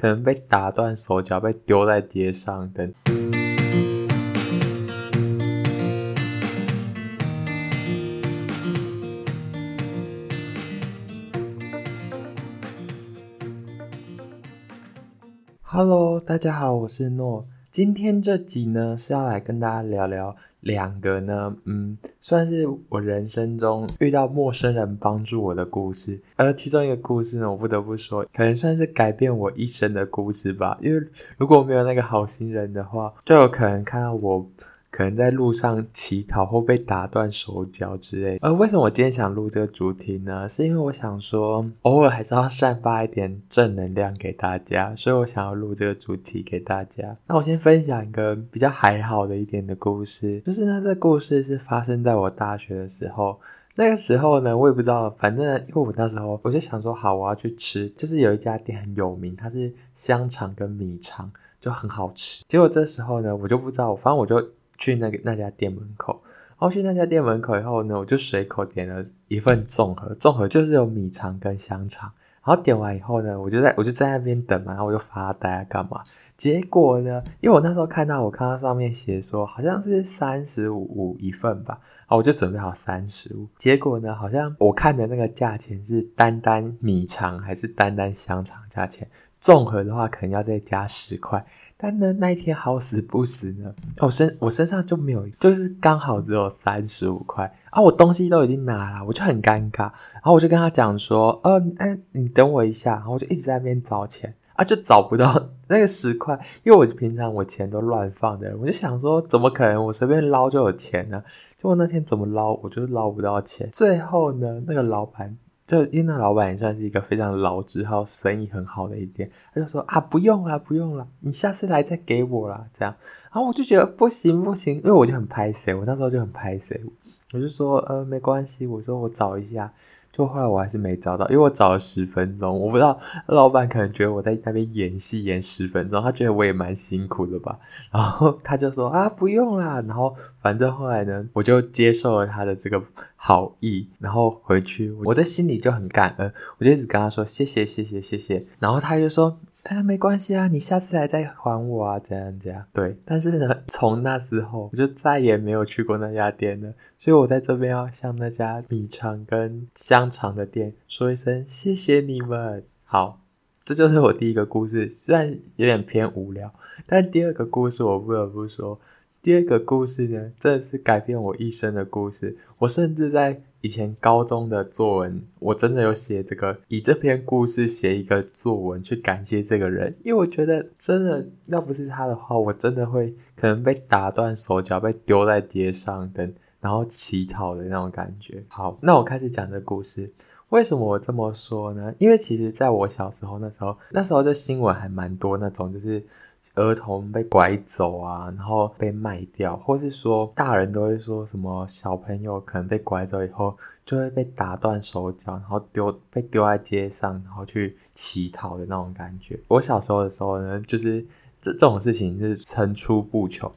可能被打斷手腳，被丟在街上等。 Hello，大家好，我是諾，今天這集呢是要來跟大家聊聊。兩個呢，嗯，算是我人生中遇到陌生人幫助我的故事，而其中一個故事呢，我不得不說，可能算是改變我一生的故事吧，因為如果沒有那個好心人的話，就有可能看到我。可能在路上乞討或被打斷手腳之類。呃，為什麼我今天想錄這個主題呢？是因為我想說，偶爾還是要散發一點正能量給大家，所以我想要錄這個主題給大家。那我先分享一個比較還好的一點的故事，就是呢，這故事是發生在我大學的時候。那個時候呢，我也不知道，反正因為我那時候我就想說，好，我要去吃，就是有一家店很有名，它是香腸跟米腸，就很好吃。結果這時候呢，我就不知道，反正我就。去那個那家店門口，然後去那家店門口以後呢，我就隨口點了一份綜合，綜合就是有米腸跟香腸。然後點完以後呢，我就在我就在那邊等嘛，然後我就發呆啊，幹嘛？結果呢，因為我那時候看到我看到上面寫說好像是三十五一份吧，然後我就準備好三十五。結果呢，好像我看的那個價錢是單單米腸還是單單香腸價錢，綜合的話可能要再加十塊。但呢，那一天好死不死呢，我身我身上就沒有，就是剛好只有三十五塊啊，我東西都已經拿了，我就很尷尬，然後我就跟他講說，嗯、呃，哎、呃，你等我一下，然後我就一直在那邊找錢啊，就找不到那個十塊，因為我平常我錢都亂放的，我就想說，怎麼可能我隨便撈就有錢呢、啊？結果那天怎麼撈，我就撈不到錢，最後呢，那個老闆。就因為那老闆也算是一個非常老字號生意很好的一點，他就說啊，不用了，不用了，你下次來再給我了，這樣，然後我就覺得不行不行，因為我就很拍謝，我那時候就很拍謝，我就說呃，沒關係，我說我找一下。就後來我還是沒找到，因為我找了十分鐘，我不知道老闆可能覺得我在那邊演戲演十分鐘，他覺得我也蠻辛苦的吧，然後他就說啊，不用啦，然後反正後來呢，我就接受了他的這個好意，然後回去我在心裡就很感恩，我就一直跟他說謝謝謝謝謝謝，然後他就說。哎、啊，沒關係啊，你下次來再還我啊，怎樣怎樣。對，但是呢，從那時候我就再也沒有去過那家店了。所以我在這邊要向那家米腸跟香腸的店說一聲謝謝你們。好，這就是我第一個故事，雖然有點偏無聊，但第二個故事我不得不說，第二個故事呢，這是改變我一生的故事。我甚至在、以前高中的作文，我真的有寫這個，以這篇故事寫一個作文去感謝這個人，因為我覺得真的要不是他的話，我真的會可能被打斷手腳，被丟在街上等，然後乞討的那種感覺。好，那我開始講這故事，為什麼我這麼說呢？因為其實在我小時候那時候，那時候就新聞還蠻多那種，就是。兒童被拐走啊，然後被賣掉，或是說大人都會說什麼小朋友可能被拐走以後就會被打斷手腳，然後丟被丟在街上，然後去乞討的那種感覺。我小時候的時候呢，就是這這種事情是層出不窮。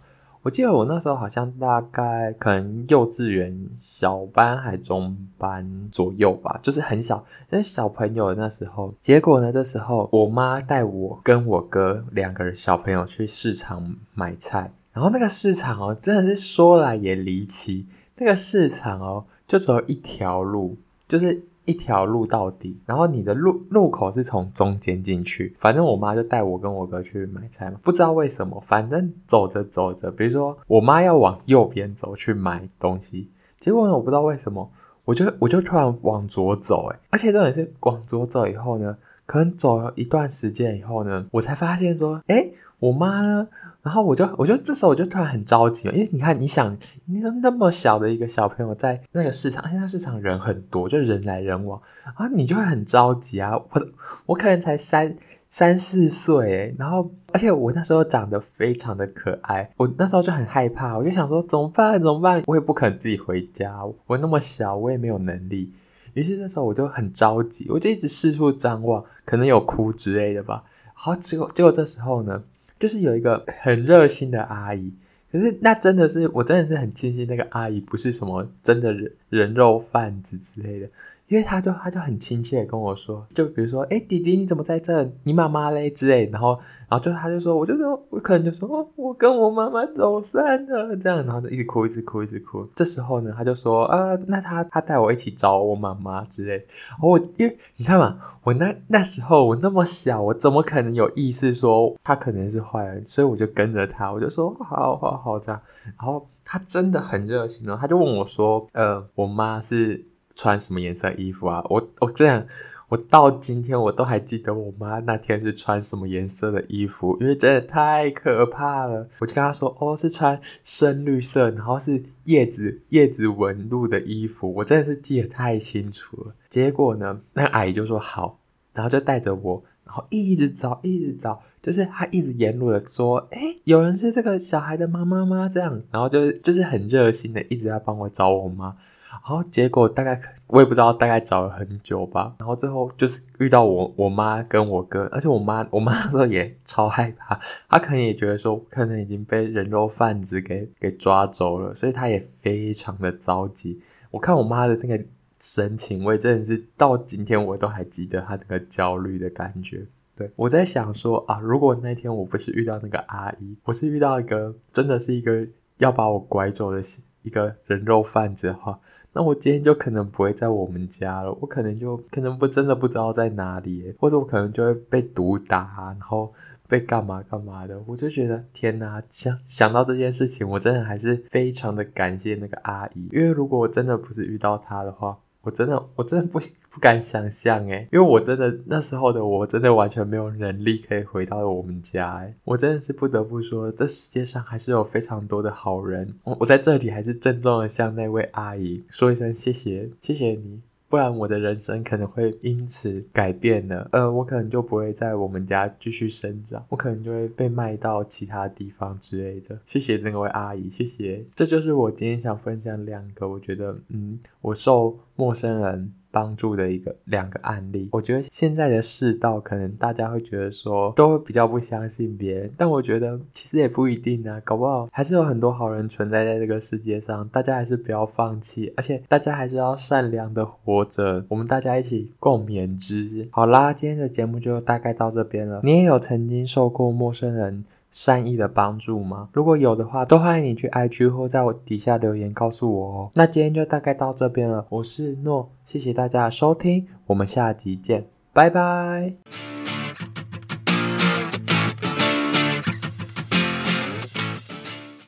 我記得我那時候好像大概可能幼稚園小班還中班左右吧，就是很小，就是小朋友那時候。結果呢，這時候我媽帶我跟我哥兩個人小朋友去市場買菜，然後那個市場喔，真的是說來也離奇，那個市場喔，就只有一條路，就是。一條路到底，然後你的路路口是從中間進去。反正我媽就帶我跟我哥去買菜嘛，不知道為什麼，反正走着走着，比如說我媽要往右邊走去買東西，結果呢，我不知道為什麼，我就我就突然往左走，哎，而且真的是往左走以後呢，可能走了一段時間以後呢，我才發現說，哎。我媽呢？然後我就，我就這時候我就突然很着急了，因為你看，你想，你那麼小的一個小朋友在那個市場，現在市場人很多，就人來人往啊，你就會很着急啊。我我可能才三三四歲，然後而且我那時候長得非常的可愛，我那時候就很害怕，我就想說怎麼辦？怎麼辦？我也不肯自己回家我，我那麼小，我也沒有能力。於是那時候我就很着急，我就一直四處張望，可能有哭之類的吧。好，結果結果這時候呢。就是有一個很熱心的阿姨，可是那真的是我真的是很慶幸那個阿姨不是什麼真的人、人肉販子之類的。因為他就他就很親切地跟我說，就比如說，欸，弟弟你怎麼在這兒？你媽媽嘞？之類。然後，然後就他就說，我就說，我可能就說，我跟我媽媽走散了這樣。然後就一直哭，一直哭，一直哭。這時候呢，他就說，啊，那他他帶我一起找我媽媽之類。然後我，因為你看嘛，我那那時候我那麼小，我怎麼可能有意識說他可能是壞人？所以我就跟着他，我就說，好好好好這樣。然後他真的很熱情，然後他就問我說，呃，我媽是。穿什麼顏色衣服啊？我我這樣，我到今天我都還記得我媽那天是穿什麼顏色的衣服，因為真的太可怕了。我就跟她說，哦，是穿深綠色，然後是葉子葉子紋路的衣服，我真的是記得太清楚了。結果呢，那阿姨就說好，然後就帶着我。然後一直找，一直找，就是他一直沿路的說：“哎，有人是這個小孩的媽媽嗎？”這樣，然後就是就是很熱心的一直在幫我找我媽。然後結果大概我也不知道，大概找了很久吧。然後最後就是遇到我我媽跟我哥，而且我媽我媽那時候也超害怕，她可能也覺得說可能已經被人肉販子給給抓走了，所以她也非常的着急。我看我媽的那個。神情，我也真的是到今天我都還記得他那個焦慮的感覺。對，我在想說啊，如果那天我不是遇到那個阿姨，我是遇到一個真的是一個要把我拐走的一個人肉販子的話，那我今天就可能不會在我們家了，我可能就可能不真的不知道在哪裡，或者我可能就會被毒打、啊，然後被幹嘛幹嘛的。我就覺得天哪、啊，想想到這件事情，我真的還是非常的感謝那個阿姨，因為如果我真的不是遇到她的話。我真的，我真的不不敢想象誒，因為我真的那時候的我，真的完全沒有能力可以回到我們家哎，我真的是不得不說，這世界上還是有非常多的好人，我我在這裡還是鄭重的向那位阿姨說一聲謝謝，謝謝你。不然我的人生可能會因此改變呢，呃，我可能就不會在我們家繼續生長，我可能就會被賣到其他地方之類的。謝謝那位阿姨，謝謝。這就是我今天想分享兩個，我覺得，嗯，我受陌生人。幫助的一個兩個案例，我覺得現在的世道，可能大家會覺得說都會比較不相信別人，但我覺得其實也不一定啊，搞不好還是有很多好人存在在這個世界上，大家還是不要放棄，而且大家還是要善良的活着，我們大家一起共勉之。好啦，今天的節目就大概到這邊了，你也有曾經受過陌生人善意的幫助嗎？如果有的話，都歡迎你去 IG 或在我底下留言告訴我哦。那今天就大概到這邊了，我是諾，謝謝大家的收聽，我們下集見，拜拜。